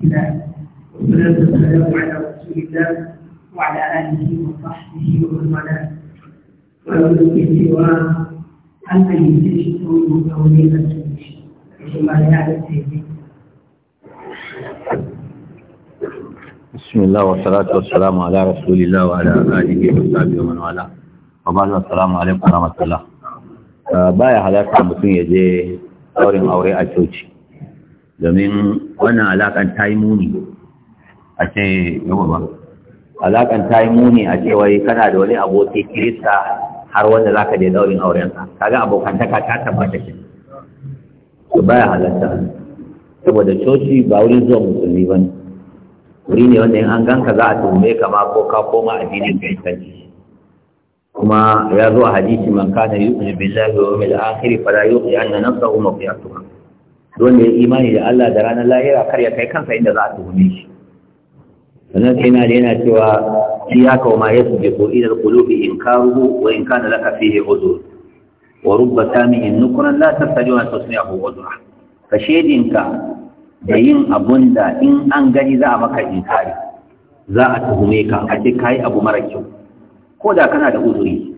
الله رسول الله وعلى آله وصحبه ومن والاه بسم الله والصلاة والسلام على رسول الله وعلى آله وصحبه ومن والاه وبعد السلام عليكم ورحمة الله بايع هذا mutum ya أوري saurin aure domin wannan alaƙan ta yi muni a ce yawa ba alaƙan ta yi muni a ce wai kana da wani aboki kirista har wanda za ka je daurin aurenka kaga abokantaka ta tabbata shi to baya saboda coci ba wurin zuwa musulmi ba ne wuri ne wanda in an ganka za a tuhume ka ma ko ka koma addinin kiristanci kuma ya zo a hadisi man kana yu'minu billahi wa yawmil akhir fala yuqi anna nafsahu mawqi'atuha wanda ya imani da Allah da ranar lahira kar ya kai kansa inda za a tuhume shi sannan sai na yana cewa shi ya kawo ma yasu bi qulil kulubi in rubu wa in kana laka fihi uzur wa rubba sami'in nukran la tastaju an tusmi'ahu uzra ka shedinka da yin abun da in an gani za a maka inkari za a tuhume ka a ce yi abu mara kyau ko da kana da uzuri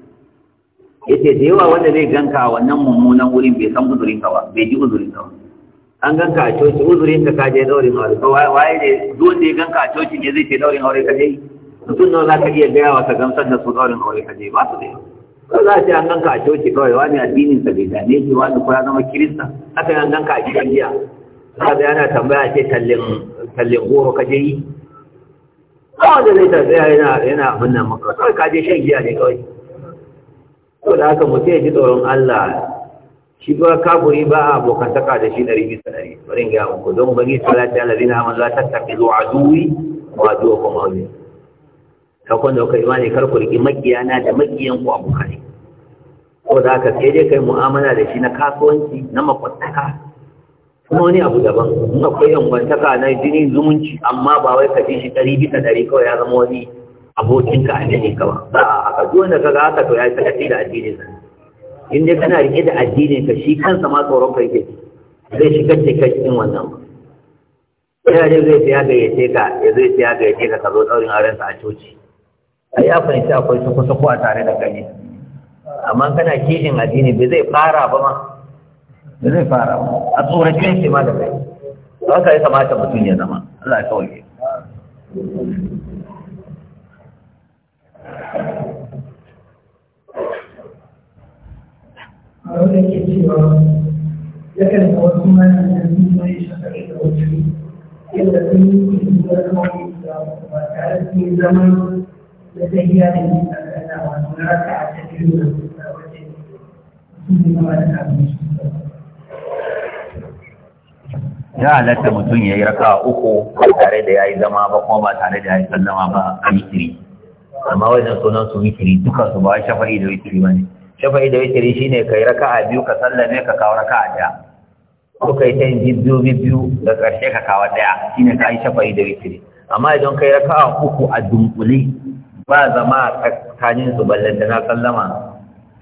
yace da yawa wanda zai ganka a wannan mummunan wurin bai san uzurinka ba bai ji uzurinka ba an ganka a coci uzurin ka je daurin aure ko waye ne duwanda ya ganka a coci ne zai ce daurin aure ka dai mutum nawa ka iya gaya wa ka gamsar da su daurin aure ka je ba su dai ko za a ce an ganka a coci kawai wani addinin sa bai dame shi wani ko zama kirista haka an ganka a gidan giya haka yana tambaya ce tallin tallin goro ka je yi kawai da zai tafiya yana yana abin nan maka kawai ka je shan giya ne kawai Ko da haka mutum ya ji tsoron Allah shi ba kafuri ba a abokantaka da shi ɗari bisa ɗari bari ga muku don bani salati alladhina amanu la tattaqizu aduwi wa aduwakum awliya ka sakon da kai imani kar ku riki makiyana da makiyan ku ne. ko da ka sai dai kai mu'amala da shi na kasuwanci na makwataka kuma wani abu daban in akwai yankwantaka na jini zumunci amma ba wai ka ji shi ɗari bisa ɗari kawai ya zama wani abokinka a jini kawai ba a ka duk wanda ka ga haka to ya yi sakaci da addinin sa in dai kana rike da addinin ka shi kansa ma tsoron ka yake zai shigar da kai cikin wannan yana dai zai tsaya yace ka ya zai tsaya yace ka ka zo tsaurin aren sa a coci a ya fahimci akwai su kusa ko a tare da kai amma kana kishin addini bai zai fara ba ma bai zai fara ba a tsorace shi ma da kai haka ya kamata mutum ya zama Allah ya kawai yake cewa yakan ga wasu da su mai da yadda sun yi da ba tare da zama da ta yi a kana wasu na raka a ta biyu da su ta su ne ma da kamun ya halatta mutum ya yi raka uku ba tare da ya yi zama ba kuma ba tare da ya yi sallama ba a mitiri amma wajen sunan su mitiri dukansu ba shafa'i da mitiri ba ne shafa'i da witiri ne kai a biyu ka sallame ka kawo a daya ko kai ta yin biyu biyu da karshe ka kawo daya ne ka yi shafa'i da witiri amma idan kai a uku a dunkule ba zama a tsakanin su ballan da na sallama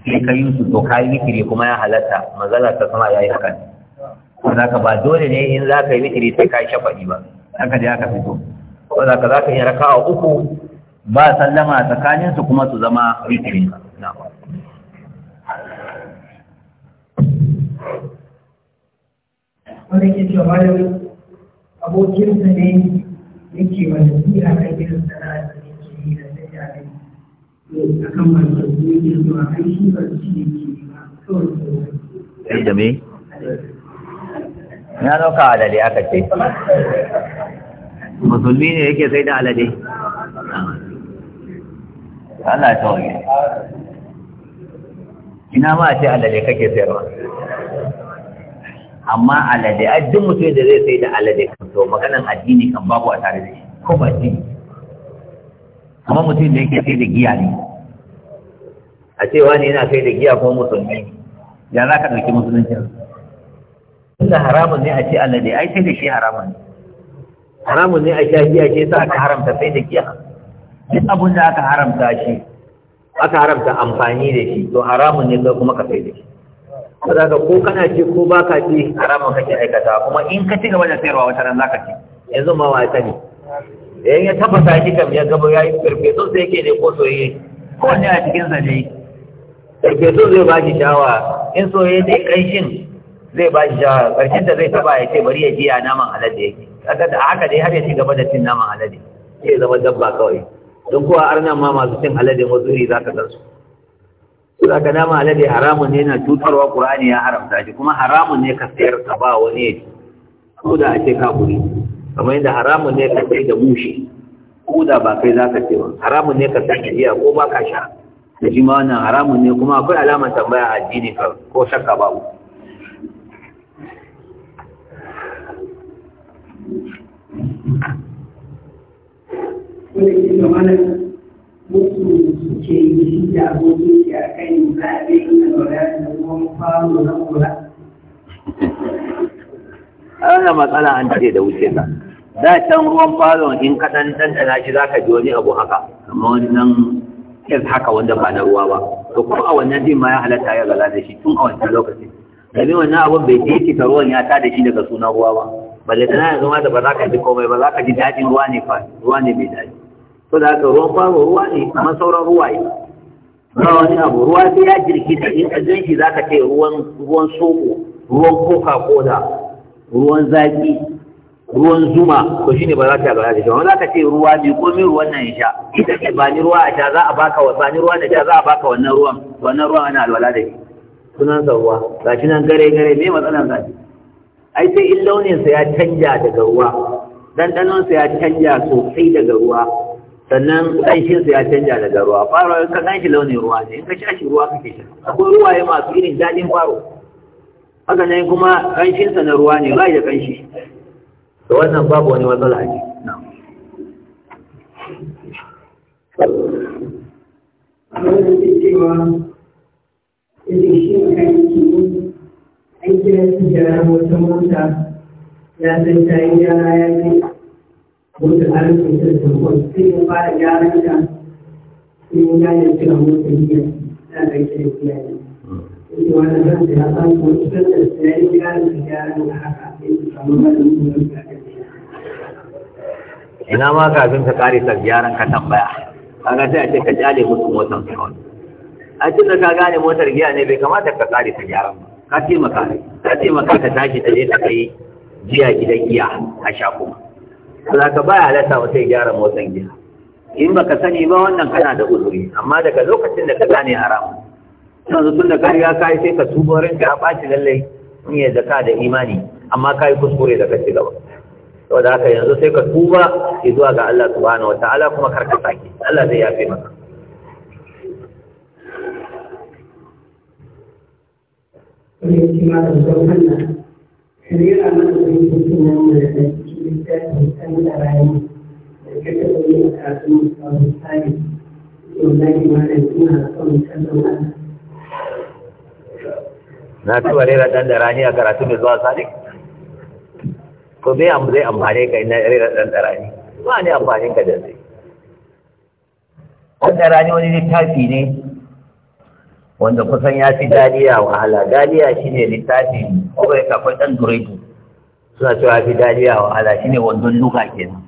sai ka yi su to ka yi witiri kuma ya halatta mazala ta sama ya yi hakan za ka ba dole ne in za ka yi witiri sai ka yi shafa'i ba haka dai aka fito ko za ka za ka yi uku ba sallama tsakanin su kuma su zama witiri na wanda ke cewa malam abokinsa ne ya ke wani siya kan irin sana'a da yake yi da ta yare a kan masu yake zuwa kan shi ba shi yake ba kawai kawai. Da me? Na ɗauka alade aka ce. Musulmi ne yake sai da alade. Allah ya tawaye. Ina ma a ce alade kake sayarwa. amma alade a duk mutum da zai sai da alade kan to maganan addini kan babu a tare da shi ko ba shi amma mutum da yake sai da giya ne a cewa ne yana sai da giya ko musulmi ya za ka ɗauki tun da haramun ne a ce alade ai sai da shi haramun ne haramun ne a sha giya ce sa aka haramta sai da giya duk abin da aka haramta shi aka haramta amfani da shi to haramun ne sai kuma ka sai da shi kada ka ko kana ce ko ba ka ce haramun kake aikata kuma in ka ci gaba da sayarwa wata ran zaka ci yanzu ma wa ta ne yayin ya tabbata shi kam ya gaba ya yi farfeso sai yake ne ko soyayye ko ne a cikin sa dai so zai ba shi shawa in soyayye dai shin, zai ba shawa karshen da zai taba ya ce bari ya jiya naman alade yake kaga da haka dai har ya ci gaba da cin naman alade zai zama dabba kawai don kuwa arnan ma masu cin alade mazuri za ka san su suna ka dama alade haramun ne na cutarwa Kur'ani ya haramta shi kuma haramun ne ka sayar ka ba wani ya ci ko da ka guri, kamar yadda haramun ne ka sai da mushi ko da ba kai za ka ce ba haramun ne ka sai da iya ko ba ka sha da shi ma wannan haramun ne kuma akwai alamar tambaya a addini ka ko shakka babu Thank you. ke yi shi da abokin shi a kan zaɓe na lura da kuma faro na kula. Ana matsala an ce da wuce ta. Da can ruwan falon in ka ɗan ɗanɗana shi za ka ji wani abu haka, Amma wani nan haka wanda ba na ruwa ba. To ko a wannan din ma ya halatta ya gala da shi tun a wancan lokacin. Domin wannan abun bai ki ruwan ya tada shi daga sunan ruwa ba. Balle tana ya zama da ba za ka ji komai ba za ka ji daɗin ruwa ne fa ruwa ne mai daɗi. to da haka ruwan fara ruwa ne kamar sauran ne. ba wani abu ruwa sai ya jirkita in ka gan za ka ce ruwan ruwan soko ruwan koka koda ruwan zaki ruwan zuma to shine ba za ka ga shi za ka ce ruwa ne ko ruwan nan sha ita ce ba ni ruwa a sha za a baka wa ba ni ruwa da sha za a baka wannan ruwan wannan ruwan ana alwala da shi sunan sa ruwa shi nan gare gare me matsalan sa ai sai in launinsa ya canja daga ruwa dandanon sa ya canja sosai daga ruwa sannan ƙanshinsa ya canja daga ruwa faro ka ganshi launin ruwa ne in ka sha shi ruwa kake sha akwai ruwaye masu irin daɗin faro haka nan kuma ƙanshinsa na ruwa ne bai da ƙanshi da wannan babu wani matsala ne an kira su da wata mota ya san ta yi yara ya ce wanda a yi kusa da tabbon sai ya fara gyaran da sai ya gane cewa motsa biya na da ke da kiyaye sai wani zan da ya san ko kusa da sai ya gyaran da gyaran da haka sai su samu mara mutum da ina ma kafin ka kare sa gyaran ka tambaya kaga sai a ce ka jale musu motar kawai a cikin ka gane motar giya ne bai kamata ka kare ta gyaran ba ka taimaka ka taimaka ka tashi ta je ta kai jiya gidan giya a sha kuma zaka ba ya lasa wata gyara motsin gida in baka sani ba wannan kana da uzuri amma daga lokacin da ka gane haramun yanzu tun da kariya ka yi sai ka tubo ka ɓaci lallai in yi zaka da imani amma ka yi kuskure da ka ci gaba to da haka yanzu sai ka tuba zuwa ga Allah subhanahu wataala kuma kar ka sake Allah zai yafe maka Thank you. Na taɓa rera ɗan da rani a karatu mai zuwa sani Ko me zai amfani ka ina rera ɗan da rani? Ba ne amfani ka da zai. Ɗan da rani wani littafi ne wanda kusan ya fi daliya wahala daliya shine ko bai akwai ɗan duretu suna cewa fi dariya wa ala ne wandon luka kenan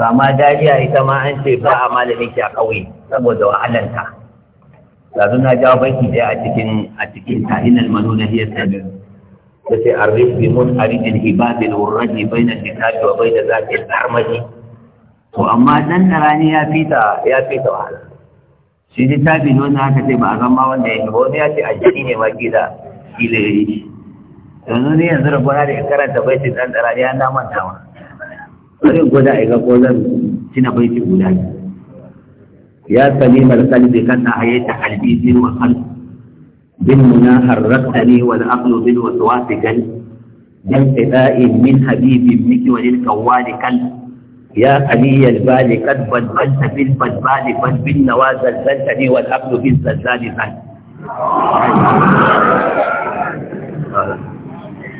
to amma dariya ita ma an ce ba a malamin shi a ƙauye saboda wahalanta yanzu na jawo banki ɗaya a cikin a cikin tahinan manuna hiyar sabir ta ce a rufe mun a rijin hibabin wurraji bai na jikafi wa bai da zafi armaji to amma ɗan da rani ya fita ya fita wahala shi littafi ne wanda aka ce ba a zama wanda ya yi ba wani ya ce a jini ne ma gida ile ya yanzu ne yanzu da na da in karanta baiti dan tsara ya na manta ma wani gwada a ga kolon cina baiti guda ne ya sani malakali bai kan na haye ta kalbi bin wa kan bin muna harrasta ne wani aklo bin wa tuwa su gan dan fita'i min habibi miki wajen kawwa da kan ya aliyyar ba da kan banbanta bin banba da banbin nawa zanzanta ne wani aklo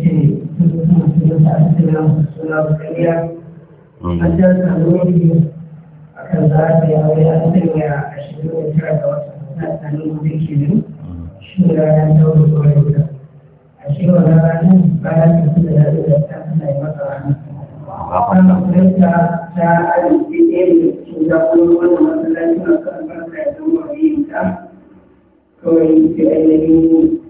ce sun sa suna suna bukariya an jan sanuri yi a da su da da ta kawai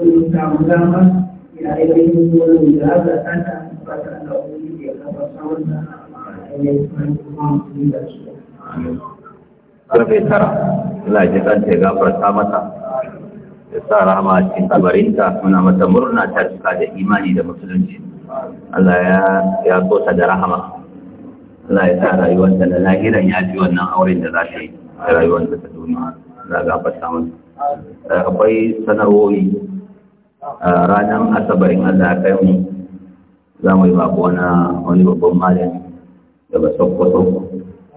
sun samu dama ya ainihin wani da haka ana mata, ya sa rama a cikin kabarinta muna mata murna ta da imani da musulunci. Allah ya kosa da rahama. Allah ya sa rayuwarta da lahiran ya auren da za ta yi da rayuwarta ta Za a Akwai sana'o'i. ranar asabar in Allah ya kai mu za mu yi bako na wani babban malami daga sokoto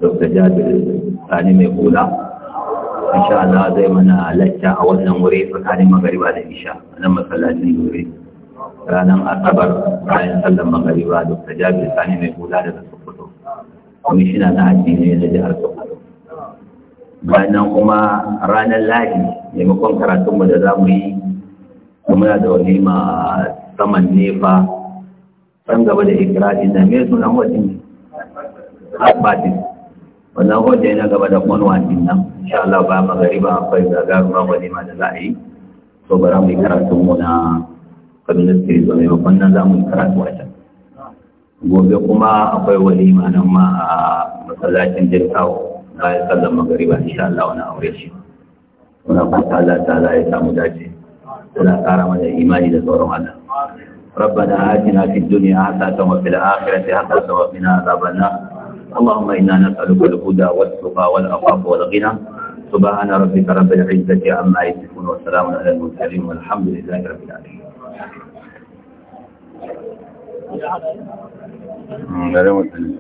dr jabir sani mai kula insha Allah zai mana lacca a wannan wuri tsakanin magariba da isha nan masallacin wuri ranar asabar bayan sallan magariba dr jabir sani mai kula daga sokoto kwamishina na ne na jihar sokoto bayan kuma ranar lahi maimakon karatunmu da za mu yi kuma da wani ma saman nefa ɗan gaba da ikirari na mai sunan wajen asbatin wannan wajen yana gaba da kwanwa wajen nan insha Allah ba magariba akwai gagaruma wani ma da za yi so bara mu yi karatun mu na kaduna state zo maimakon nan za mu karatu a can gobe kuma akwai wani ma nan ma a masallacin jirkawo bayan sallan magariba insha Allah wani aure shi muna kwanta Allah ta ya samu dace ولا قال من الإيمان إذا دورهم ربنا آتنا في الدنيا حسنة وفي الآخرة حسنة وقنا عذاب النار اللهم إنا نسألك الهدى والتقى والعفاف والغنى سبحان ربك رب العزة عما يصفون وسلام على المرسلين والحمد لله رب العالمين Gracias.